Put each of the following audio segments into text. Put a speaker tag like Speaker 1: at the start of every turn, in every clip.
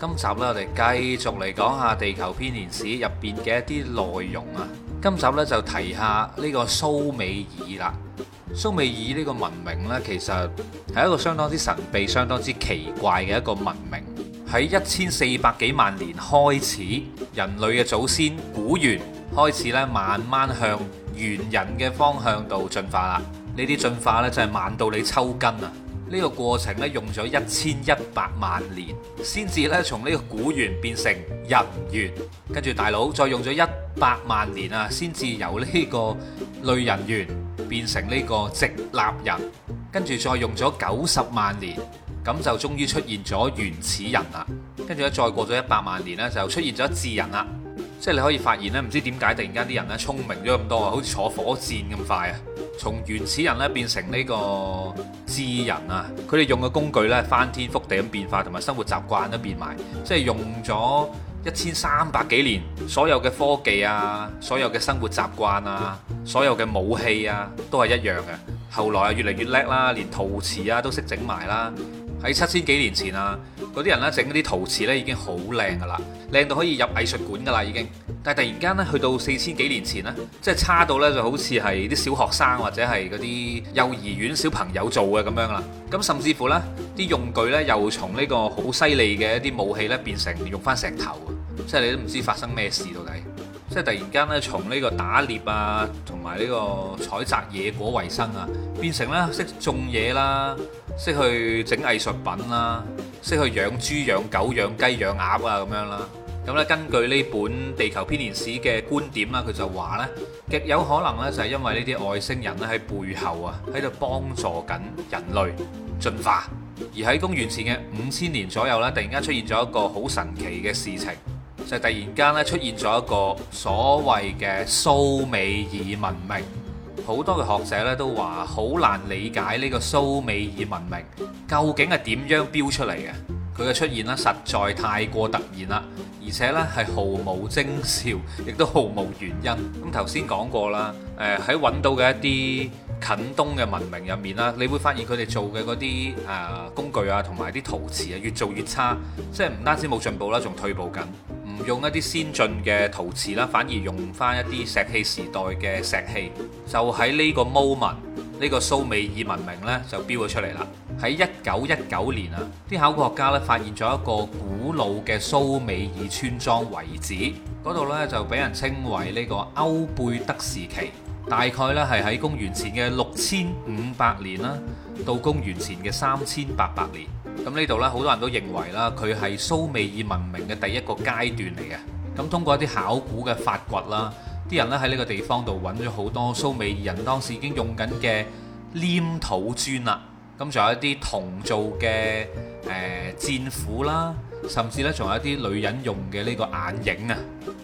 Speaker 1: 今集咧，我哋繼續嚟講下地球編年史入邊嘅一啲內容啊。今集呢，就提下呢個蘇美爾啦。蘇美爾呢個文明呢，其實係一個相當之神秘、相當之奇怪嘅一個文明。喺一千四百幾萬年開始，人類嘅祖先古猿開始呢，慢慢向猿人嘅方向度進化啦。呢啲進化呢，就係慢到你抽筋啊！呢個過程咧，用咗一千一百萬年，先至咧從呢個古猿變成人猿，跟住大佬再用咗一百萬年啊，先至由呢個類人猿變成呢個直立人，跟住再用咗九十萬年，咁就終於出現咗原始人啦。跟住咧再過咗一百萬年咧，就出現咗智人啦。即係你可以發現咧，唔知點解突然間啲人咧聰明咗咁多啊，好似坐火箭咁快啊！從原始人咧變成呢個智人啊，佢哋用嘅工具咧翻天覆地咁變化，同埋生活習慣都變埋。即係用咗一千三百幾年，所有嘅科技啊，所有嘅生活習慣啊，所有嘅武器啊，都係一樣嘅。後來啊，越嚟越叻啦，連陶瓷啊都識整埋啦。喺七千幾年前啊。嗰啲人咧整嗰啲陶瓷咧已經好靚噶啦，靚到可以入藝術館噶啦已經。但係突然間咧去到四千幾年前咧，即係差到咧就好似係啲小學生或者係嗰啲幼兒園小朋友做嘅咁樣啦。咁甚至乎呢，啲用具呢，又從呢個好犀利嘅一啲武器呢，變成用翻石頭啊，即係你都唔知發生咩事到底。即係突然間呢，從呢個打獵啊同埋呢個採摘野果為生啊，變成咧識種嘢啦，識去整藝術品啦、啊。識去養豬、養狗、養雞、養鴨啊，咁樣啦。咁咧，根據呢本《地球編年史》嘅觀點啦，佢就話呢，極有可能咧就係因為呢啲外星人咧喺背後啊喺度幫助緊人類進化。而喺公元前嘅五千年左右呢，突然間出現咗一個好神奇嘅事情，就係突然間咧出現咗一個所謂嘅蘇美爾文明。好多嘅學者咧都話好難理解呢個蘇美爾文明究竟係點樣標出嚟嘅？佢嘅出現呢實在太過突然啦，而且呢係毫無徵兆，亦都毫無原因。咁頭先講過啦，誒喺揾到嘅一啲近東嘅文明入面啦，你會發現佢哋做嘅嗰啲誒工具啊，同埋啲陶瓷啊，越做越差，即係唔單止冇進步啦，仲退步緊。用一啲先進嘅陶瓷啦，反而用翻一啲石器時代嘅石器，就喺呢個 moment，呢個蘇美爾文明呢，就標咗出嚟啦。喺一九一九年啊，啲考古學家呢發現咗一個古老嘅蘇美爾村莊遺址，嗰度呢，就俾人稱為呢個歐貝德時期，大概呢，係喺公元前嘅六千五百年啦，到公元前嘅三千八百年。咁呢度呢，好多人都認為啦，佢係蘇美爾文明嘅第一個階段嚟嘅。咁通過一啲考古嘅發掘啦，啲人呢喺呢個地方度揾咗好多蘇美爾人當時已經用緊嘅黏土磚啦。咁仲有一啲銅做嘅誒戰斧啦，甚至呢仲有一啲女人用嘅呢個眼影啊。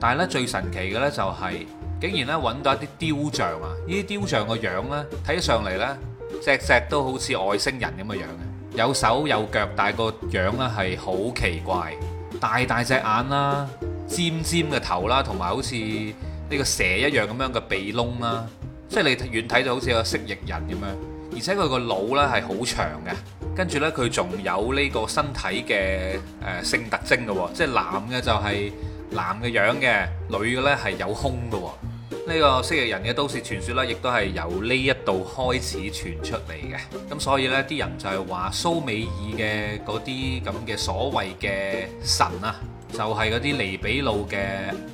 Speaker 1: 但係呢，最神奇嘅呢就係、是，竟然呢揾到一啲雕像啊！呢啲雕像樣個樣呢，睇起上嚟呢，隻隻都好似外星人咁嘅樣。有手有腳，但係個樣咧係好奇怪，大大隻眼啦，尖尖嘅頭啦，同埋好似呢個蛇一樣咁樣嘅鼻窿啦，即係你遠睇就好似個蜥蜴人咁樣，而且佢個腦呢係好長嘅，跟住呢，佢仲有呢個身體嘅誒性特徵嘅喎，即係男嘅就係男嘅樣嘅，女嘅呢係有胸嘅喎。呢個蜥蜴人嘅都市傳說啦，亦都係由呢一度開始傳出嚟嘅。咁所以呢啲人就係話蘇美爾嘅嗰啲咁嘅所謂嘅神啊，就係嗰啲尼比魯嘅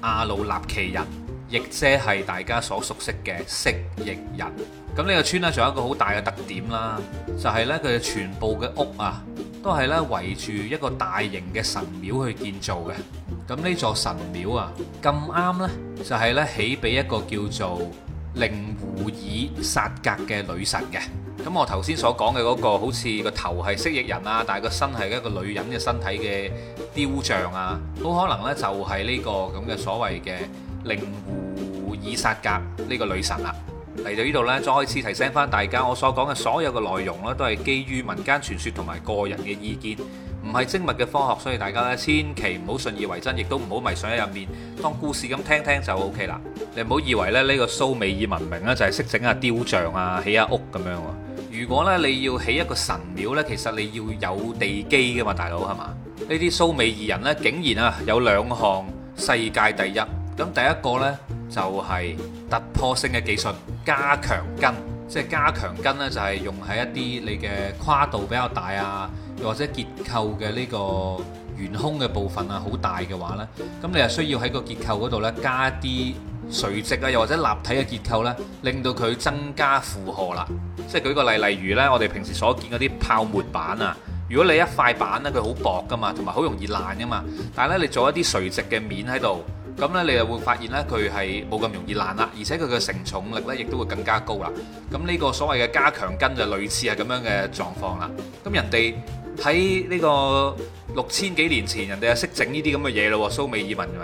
Speaker 1: 阿努納奇人，亦即係大家所熟悉嘅蜥蜴人。咁、嗯、呢、呢個村呢，仲有一個好大嘅特點啦，就係呢佢嘅全部嘅屋啊。都係咧圍住一個大型嘅神廟去建造嘅，咁呢座神廟啊咁啱呢，就係、是、咧起俾一個叫做令狐爾薩格嘅女神嘅，咁我、那個、頭先所講嘅嗰個好似個頭係蜥蜴人啊，但係個身係一個女人嘅身體嘅雕像啊，好可能呢、這個，就係呢個咁嘅所謂嘅令狐爾薩格呢個女神啊。嚟到呢度呢，再次提醒返大家，我所講嘅所有嘅內容呢，都係基於民間傳說同埋個人嘅意見。唔係精密嘅科學，所以大家咧千祈唔好信以為真，亦都唔好迷信喺入面，當故事咁聽聽就 OK 啦。你唔好以為咧呢個蘇美爾文明咧就係識整下雕像啊、起下屋咁樣喎。如果咧你要起一個神廟咧，其實你要有地基噶嘛，大佬係嘛？呢啲蘇美爾人咧竟然啊有兩項世界第一，咁第一個咧。就係突破性嘅技術，加強筋，即係加強筋呢，就係用喺一啲你嘅跨度比較大啊，又或者結構嘅呢個懸空嘅部分啊，好大嘅話呢，咁你就需要喺個結構嗰度呢，加啲垂直啊，又或者立體嘅結構呢，令到佢增加負荷啦。即係舉個例，例如呢，我哋平時所見嗰啲泡沫板啊，如果你一塊板呢，佢好薄噶嘛，同埋好容易爛噶嘛，但係呢，你做一啲垂直嘅面喺度。咁咧，你就會發現咧，佢係冇咁容易爛啦，而且佢嘅承重力咧，亦都會更加高啦。咁呢個所謂嘅加強筋就類似係咁樣嘅狀況啦。咁人哋喺呢個六千幾年前，人哋啊識整呢啲咁嘅嘢咯，蘇美爾文明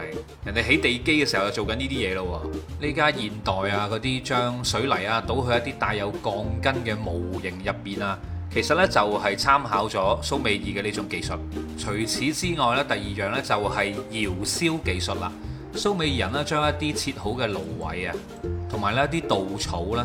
Speaker 1: 人哋起地基嘅時候就做緊呢啲嘢咯。呢家現代啊，嗰啲將水泥啊倒去一啲帶有鋼筋嘅模型入邊啊，其實呢，就係參考咗蘇美爾嘅呢種技術。除此之外呢，第二樣呢，就係窯燒技術啦。蘇美人呢，將一啲切好嘅蘆葦啊，同埋呢啲稻草呢，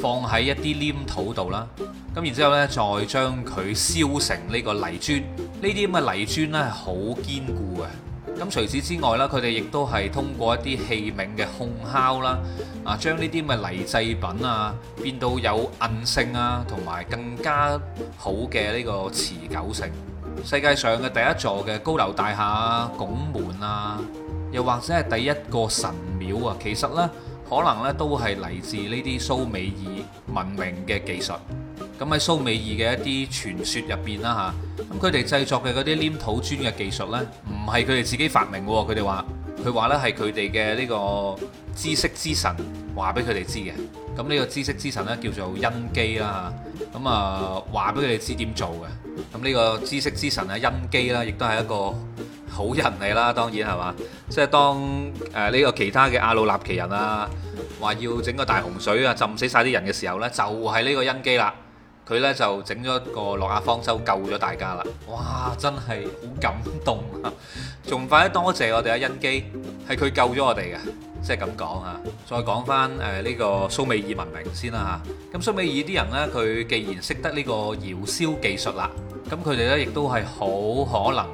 Speaker 1: 放喺一啲黏土度啦，咁然之後呢，再將佢燒成呢個泥磚。呢啲咁嘅泥磚呢，係好堅固嘅。咁除此之外啦，佢哋亦都係通過一啲器皿嘅烘烤啦，啊，將呢啲咁嘅泥製品啊，變到有韌性啊，同埋更加好嘅呢個持久性。世界上嘅第一座嘅高樓大廈拱門啊，又或者係第一個神廟啊，其實呢，可能呢都係嚟自呢啲蘇美爾文明嘅技術。咁喺蘇美爾嘅一啲傳說入邊啦嚇，咁佢哋製作嘅嗰啲黏土磚嘅技術呢，唔係佢哋自己發明嘅，佢哋話佢話呢係佢哋嘅呢個知識之神話俾佢哋知嘅。咁呢個知識之神呢，叫做恩基啦，咁啊話俾佢哋知點做嘅。咁呢個知識之神啊，恩基啦，亦都係一個。好人嚟啦，當然係嘛，即係當誒呢個其他嘅阿努納奇人啊，話要整個大洪水啊，浸死曬啲人嘅時候咧，就係呢個恩基啦，佢咧就整咗個諾亞方舟救咗大家啦，哇，真係好感動啊！仲快啲多謝我哋阿恩基，係佢救咗我哋嘅，即係咁講啊！再講返誒呢個蘇美爾文明先啦嚇，咁蘇美爾啲人咧，佢既然識得呢個窯燒技術啦，咁佢哋咧亦都係好可能。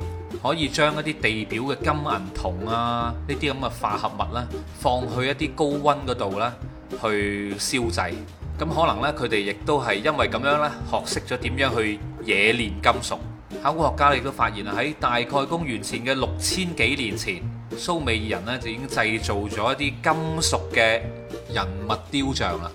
Speaker 1: 可以將一啲地表嘅金銀銅啊，呢啲咁嘅化合物咧，放去一啲高温嗰度咧，去燒製。咁可能咧，佢哋亦都係因為咁樣咧，學識咗點樣去冶煉金屬。考古學家咧亦都發現喺大概公元前嘅六千幾年前，蘇美爾人咧就已經製造咗一啲金屬嘅人物雕像啦。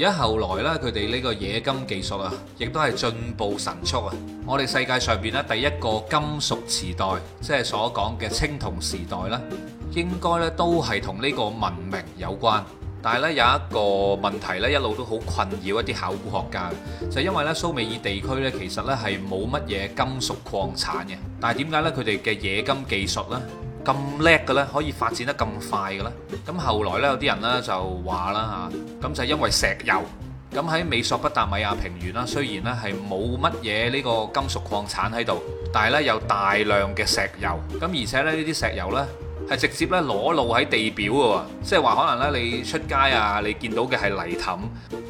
Speaker 1: 而家後來咧，佢哋呢個冶金技術啊，亦都係進步神速啊！我哋世界上邊咧第一個金屬時代，即係所講嘅青銅時代咧，應該咧都係同呢個文明有關。但係咧有一個問題咧，一路都好困擾一啲考古學家，就因為咧蘇美爾地區咧其實咧係冇乜嘢金屬礦產嘅。但係點解咧佢哋嘅冶金技術咧？咁叻嘅咧，可以發展得咁快嘅咧？咁後來咧，有啲人咧就話啦吓，咁就因為石油。咁喺美索不達米亞平原啦，雖然咧係冇乜嘢呢個金屬礦產喺度，但係咧有大量嘅石油。咁而且咧呢啲石油咧。係直接咧裸露喺地表嘅喎，啊，即係話可能咧你出街啊，你見到嘅係泥凼。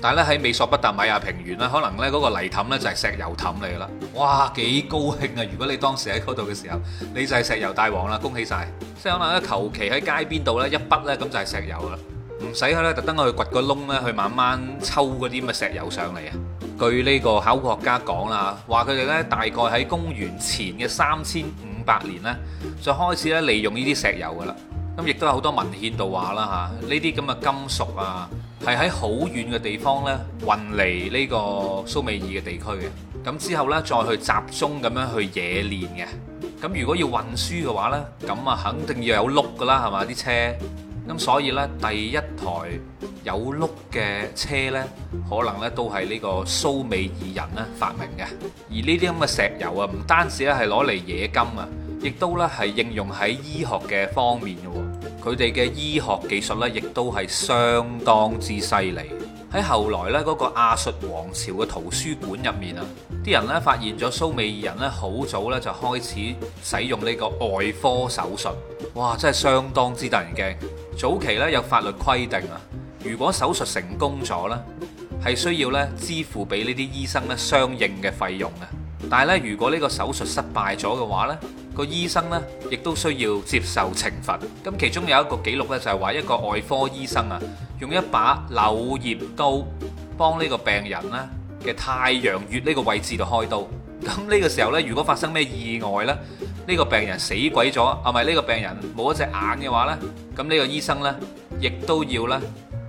Speaker 1: 但係咧喺美索不達米亞平原咧，可能咧嗰、嗰個泥凼咧就係、係、石油凼嚟嘅啦。哇，幾高興啊！如果你當時喺嗰度嘅時候，你就係石油大王啦，恭喜晒！即係可能咧求其喺街邊度咧一筆咧咁就係石油啦，唔使去咧特登去掘個窿咧去慢慢抽嗰啲乜石油上嚟啊！據呢個考古學家講啦，話佢哋咧大概喺公元前嘅三千百年咧，就開始咧利用呢啲石油噶啦。咁亦都有好多文獻度話啦嚇，呢啲咁嘅金屬啊，係喺好遠嘅地方呢，運嚟呢個蘇美爾嘅地區嘅。咁之後呢，再去集中咁樣去冶煉嘅。咁如果要運輸嘅話呢，咁啊肯定要有轆噶啦，係嘛，啲車。咁所以呢，第一台有轆嘅車呢，可能呢都係呢個蘇美爾人呢發明嘅。而呢啲咁嘅石油啊，唔單止咧係攞嚟冶金啊，亦都呢係應用喺醫學嘅方面嘅喎。佢哋嘅醫學技術呢，亦都係相當之犀利。喺後來呢，嗰個亞述王朝嘅圖書館入面啊，啲人呢發現咗蘇美爾人呢，好早呢就開始使用呢個外科手術。哇！真係相當之得人驚。早期咧有法律規定啊，如果手術成功咗咧，係需要咧支付俾呢啲醫生咧相應嘅費用啊。但係咧，如果呢個手術失敗咗嘅話咧，個醫生咧亦都需要接受懲罰。咁其中有一個記錄咧，就係話一個外科醫生啊，用一把柳葉刀幫呢個病人咧嘅太陽穴呢個位置度開刀。咁、這、呢個時候咧，如果發生咩意外呢？呢個病人死鬼咗，係咪呢個病人冇一隻眼嘅話咧，咁呢個醫生咧亦都要咧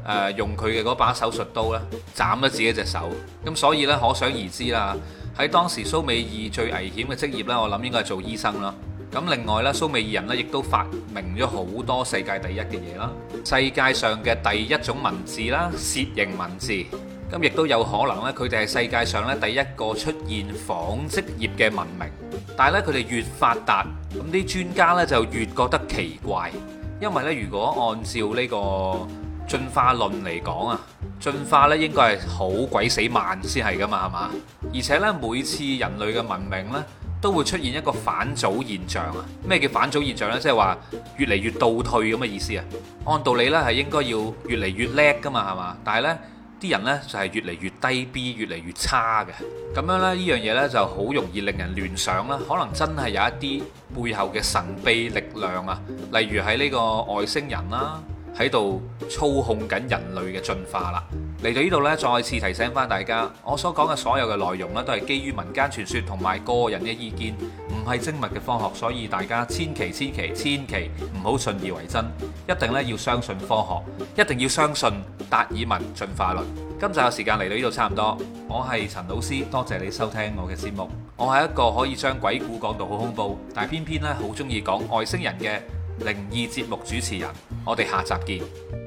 Speaker 1: 誒用佢嘅嗰把手術刀咧斬咗自己隻手。咁所以咧，可想而知啦。喺當時蘇美爾最危險嘅職業咧，我諗應該係做醫生啦。咁另外咧，蘇美爾人咧亦都發明咗好多世界第一嘅嘢啦。世界上嘅第一種文字啦，楔形文字。咁亦都有可能咧，佢哋係世界上咧第一個出現紡織業嘅文明。但係咧，佢哋越發達，咁啲專家咧就越覺得奇怪，因為咧，如果按照呢個進化論嚟講啊，進化咧應該係好鬼死慢先係㗎嘛，係嘛？而且咧，每次人類嘅文明咧都會出現一個反祖現象啊。咩叫反祖現象咧？即係話越嚟越倒退咁嘅意思啊。按道理咧係應該要越嚟越叻㗎嘛，係嘛？但係咧。啲人呢就係越嚟越低 B，越嚟越差嘅。咁樣呢，呢樣嘢呢就好容易令人亂想啦。可能真係有一啲背後嘅神秘力量啊，例如喺呢個外星人啦，喺度操控緊人類嘅進化啦。嚟到呢度呢，再次提醒返大家，我所講嘅所有嘅內容呢，都係基於民間傳說同埋個人嘅意見。唔係精密嘅科學，所以大家千祈千祈千祈唔好信以為真，一定咧要相信科學，一定要相信達爾文進化論。今集嘅時間嚟到呢度差唔多，我係陳老師，多謝你收聽我嘅節目。我係一個可以將鬼故講到好恐怖，但偏偏咧好中意講外星人嘅靈異節目主持人。我哋下集見。